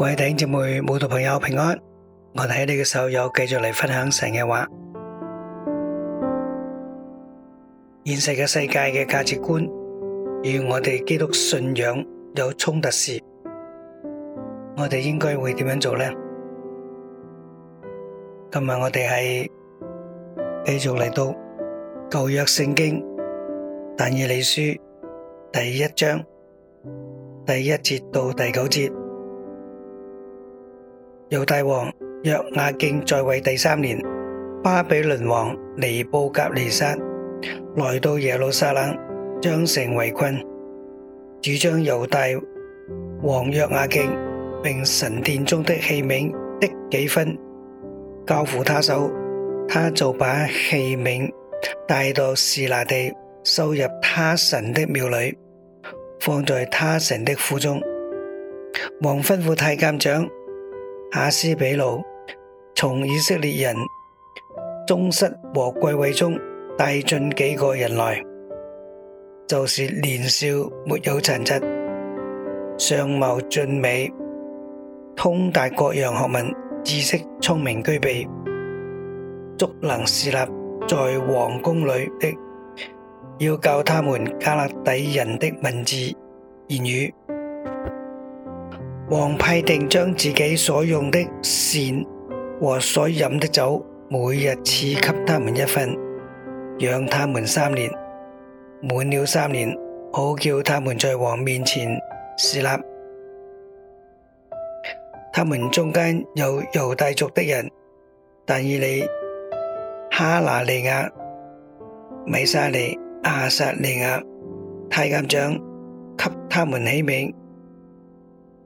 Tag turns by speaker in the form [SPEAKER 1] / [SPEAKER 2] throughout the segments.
[SPEAKER 1] 各位弟兄姊妹、慕道朋友平安，我睇你嘅手友繼續嚟分享神嘅話。現實嘅世界嘅價值觀與我哋基督信仰有衝突時，我哋應該會點樣做呢？今日我哋係繼續嚟到舊約聖經但以理書第一章第一節到第九節。猶大王約雅敬在位第三年，巴比倫王尼布甲尼撒來到耶路撒冷，將城圍困，主將猶大王約雅敬並神殿中的器皿的幾分，交付他手，他就把器皿帶到示拿地，收入他神的廟裏，放在他神的庫中。王吩咐太監長。亞斯比魯從以色列人宗室和貴位中帶進幾個人來，就是年少沒有殘疾、相貌俊美、通達各樣學問、知識聰明俱備、足能侍立在王宮裏的，要教他們迦勒底人的文字言語。王派定將自己所用的膳和所飲的酒，每日賜給他們一份，養他們三年。滿了三年，好叫他們在王面前侍立。他們中間有猶大族的人，但以理、哈拿尼雅、米沙利、亞撒利亞，太監長給他們起名。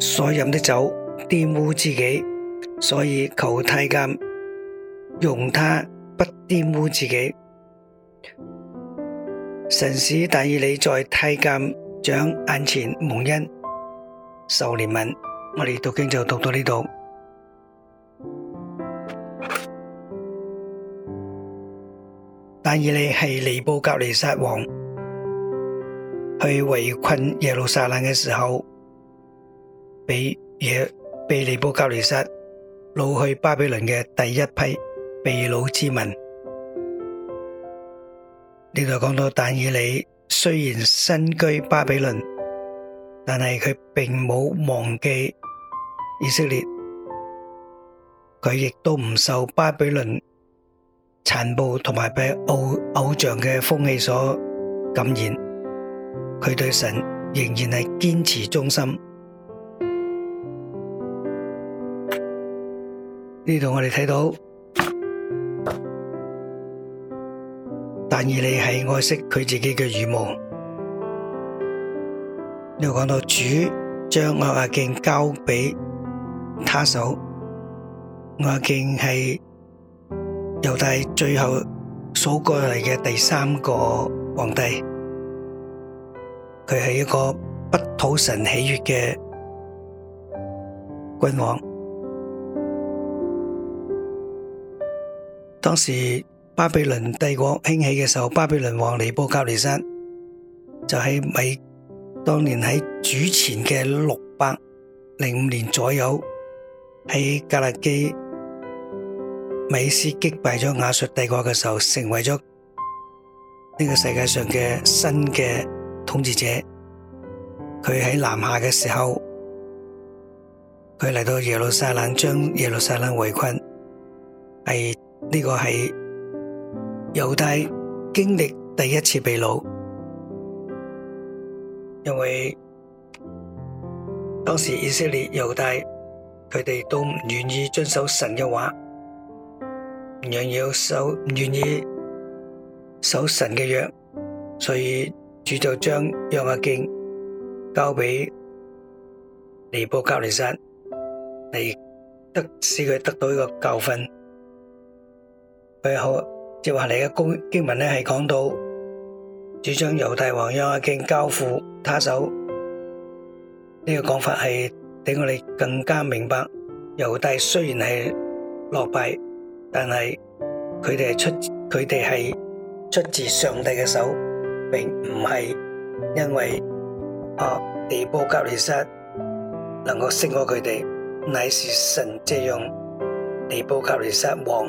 [SPEAKER 1] 所飲的酒玷污自己，所以求太監容他不玷污自己。神使但以理在太監長眼前蒙恩受憐憫。我哋讀經就讀到呢度。但以理係尼布甲尼撒王去圍困耶路撒冷嘅時候。被耶被尼布甲尼撒擄去巴比倫嘅第一批被擄之民，呢度講到但以理，雖然身居巴比倫，但係佢並冇忘記以色列，佢亦都唔受巴比倫殘暴同埋拜偶偶像嘅風氣所感染，佢對神仍然係堅持忠心。呢度我哋睇到，但以理係愛惜佢自己嘅羽毛。呢度講到主將約雅敬交俾他手，約雅敬係猶大最後數過嚟嘅第三個皇帝，佢係一個不討神喜悅嘅君王。當時巴比倫帝國興起嘅時候，巴比倫王尼布甲尼撒就喺美當年喺主前嘅六百零五年左右，喺迦勒基美斯擊敗咗亞述帝國嘅時候，成為咗呢個世界上嘅新嘅統治者。佢喺南下嘅時候，佢嚟到耶路撒冷，將耶路撒冷圍困，是呢個係猶太經歷第一次被擄，因為當時以色列猶太佢哋都唔願意遵守神嘅話，唔願意守唔願意守神嘅約，所以主就將約雅敬交俾尼布甲尼撒，嚟得使佢得到一個教訓。佢好接話嚟嘅經經文咧，係講到主將猶大王讓阿敬交付他手呢個講法，係俾我哋更加明白，猶大雖然係落敗，但係佢哋係出佢哋係出自上帝嘅手，並唔係因為啊尼布甲尼撒能夠勝過佢哋，乃是神借用尼布甲尼撒王。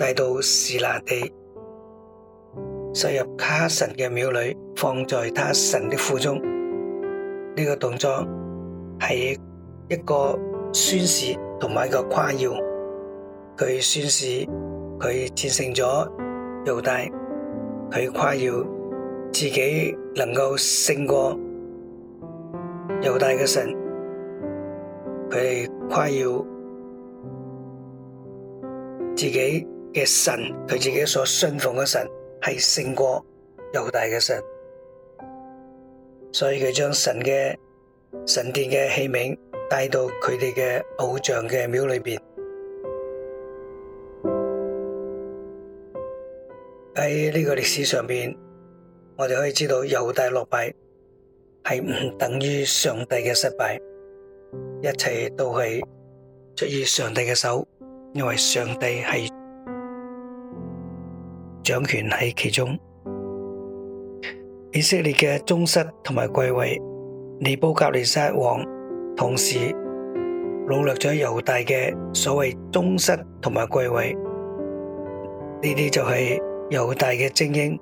[SPEAKER 1] 帶到士拿地，塞入卡神嘅廟裏，放在他神的腹中。呢、這個動作係一個宣示同埋一個誇耀。佢宣示佢戰勝咗猶大；佢誇耀自己能夠勝過猶大嘅神；佢誇耀自己。嘅神，佢自己所信奉嘅神係勝過猶大嘅神，所以佢將神嘅神殿嘅器皿帶到佢哋嘅偶像嘅廟裏邊。喺呢個歷史上邊，我哋可以知道猶大落敗係唔等於上帝嘅失敗，一切都係出於上帝嘅手，因為上帝係。掌權喺其中，以色列嘅宗室同埋貴位，尼布甲尼撒王，同時擄掠咗猶大嘅所謂宗室同埋貴位，呢啲就係猶大嘅精英，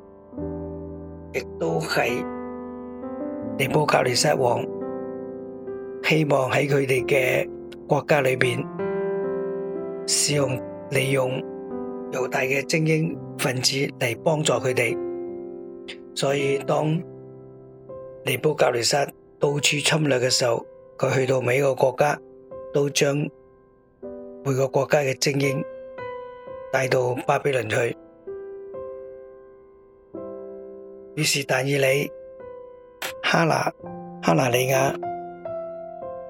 [SPEAKER 1] 亦都係尼布甲尼撒王希望喺佢哋嘅國家裏邊使用利用猶大嘅精英，分子嚟幫助佢哋，所以當尼布甲尼撒到處侵略嘅時候，佢去到每個國家，都將每個國家嘅精英帶到巴比倫去。於是但以理、哈拿、哈拿尼亞、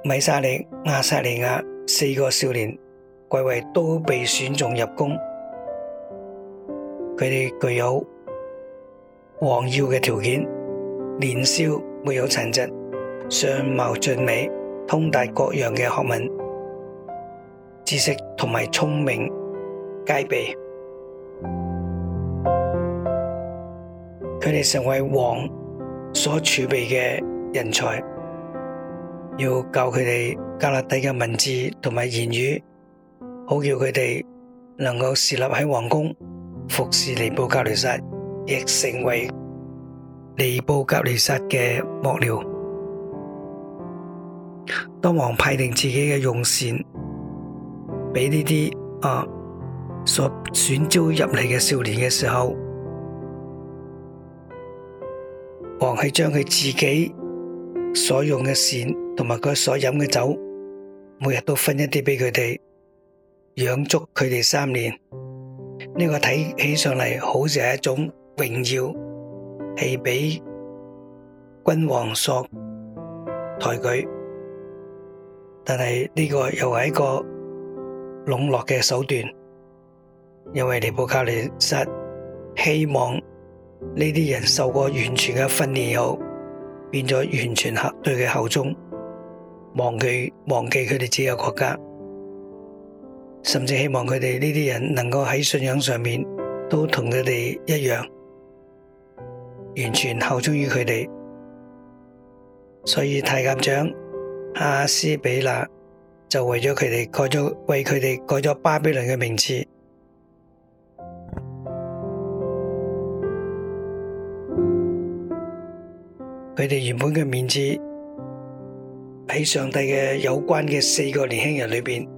[SPEAKER 1] 米沙利、亞撒利亞四個少年貴位都被選中入宮。佢哋具有王耀嘅條件，年少，沒有殘疾，相貌俊美，通達各樣嘅學問知識同埋聰明皆備。佢哋 成為王所儲備嘅人才，要教佢哋加勒底嘅文字同埋言語，好叫佢哋能夠侍立喺皇宮。服侍尼布甲尼撒，亦成為尼布甲尼撒嘅幕僚。當王派定自己嘅用膳，俾呢啲啊所選招入嚟嘅少年嘅時候，王係將佢自己所用嘅膳同埋佢所飲嘅酒，每日都分一啲俾佢哋，養足佢哋三年。呢個睇起上嚟好似係一種榮耀，係俾君王所抬舉，但係呢個又係一個籠絡嘅手段，因為尼布卡利沙希望呢啲人受過完全嘅訓練以後，變咗完全合對嘅口中，忘記、忘記佢哋自己的國家。甚至希望佢哋呢啲人能夠喺信仰上面都同佢哋一樣，完全效忠於佢哋。所以太監長阿斯比納就為咗佢哋改咗為佢哋改咗巴比倫嘅名字。佢哋原本嘅名字喺上帝嘅有關嘅四個年輕人裏邊。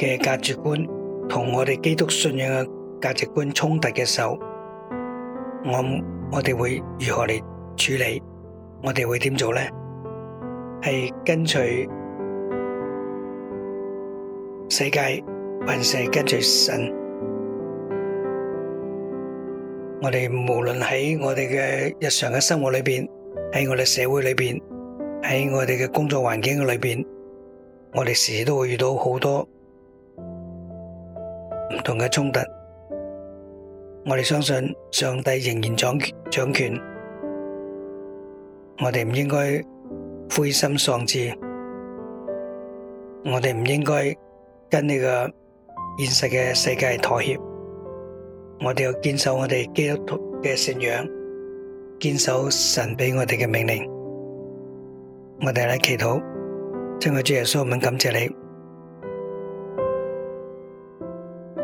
[SPEAKER 1] 嘅價值觀同我哋基督信仰嘅價值觀衝突嘅時候，我我哋會如何嚟處理？我哋會點做咧？係跟隨世界，還是跟隨神？我哋無論喺我哋嘅日常嘅生活裏邊，喺我哋社會裏邊，喺我哋嘅工作環境裏邊，我哋時時都會遇到好多。唔同嘅衝突，我哋相信上帝仍然掌權，掌權。我哋唔應該灰心喪志，我哋唔應該跟呢個現實嘅世界妥協。我哋要堅守我哋基督徒嘅信仰，堅守神俾我哋嘅命令。我哋嚟祈禱，真係主耶穌，我哋感謝你。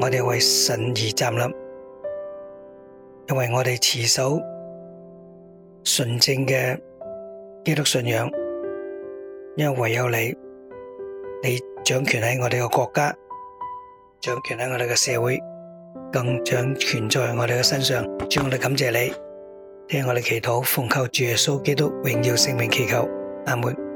[SPEAKER 1] 我哋為神而站立，因為我哋持守純正嘅基督信仰，因為唯有你，你掌權喺我哋嘅國家，掌權喺我哋嘅社會，更掌權在我哋嘅身上。主，我哋感謝你，聽我哋祈禱，奉靠主耶穌基督榮耀聖名，祈求，阿門。